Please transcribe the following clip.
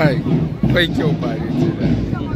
Ai, kai kyau ba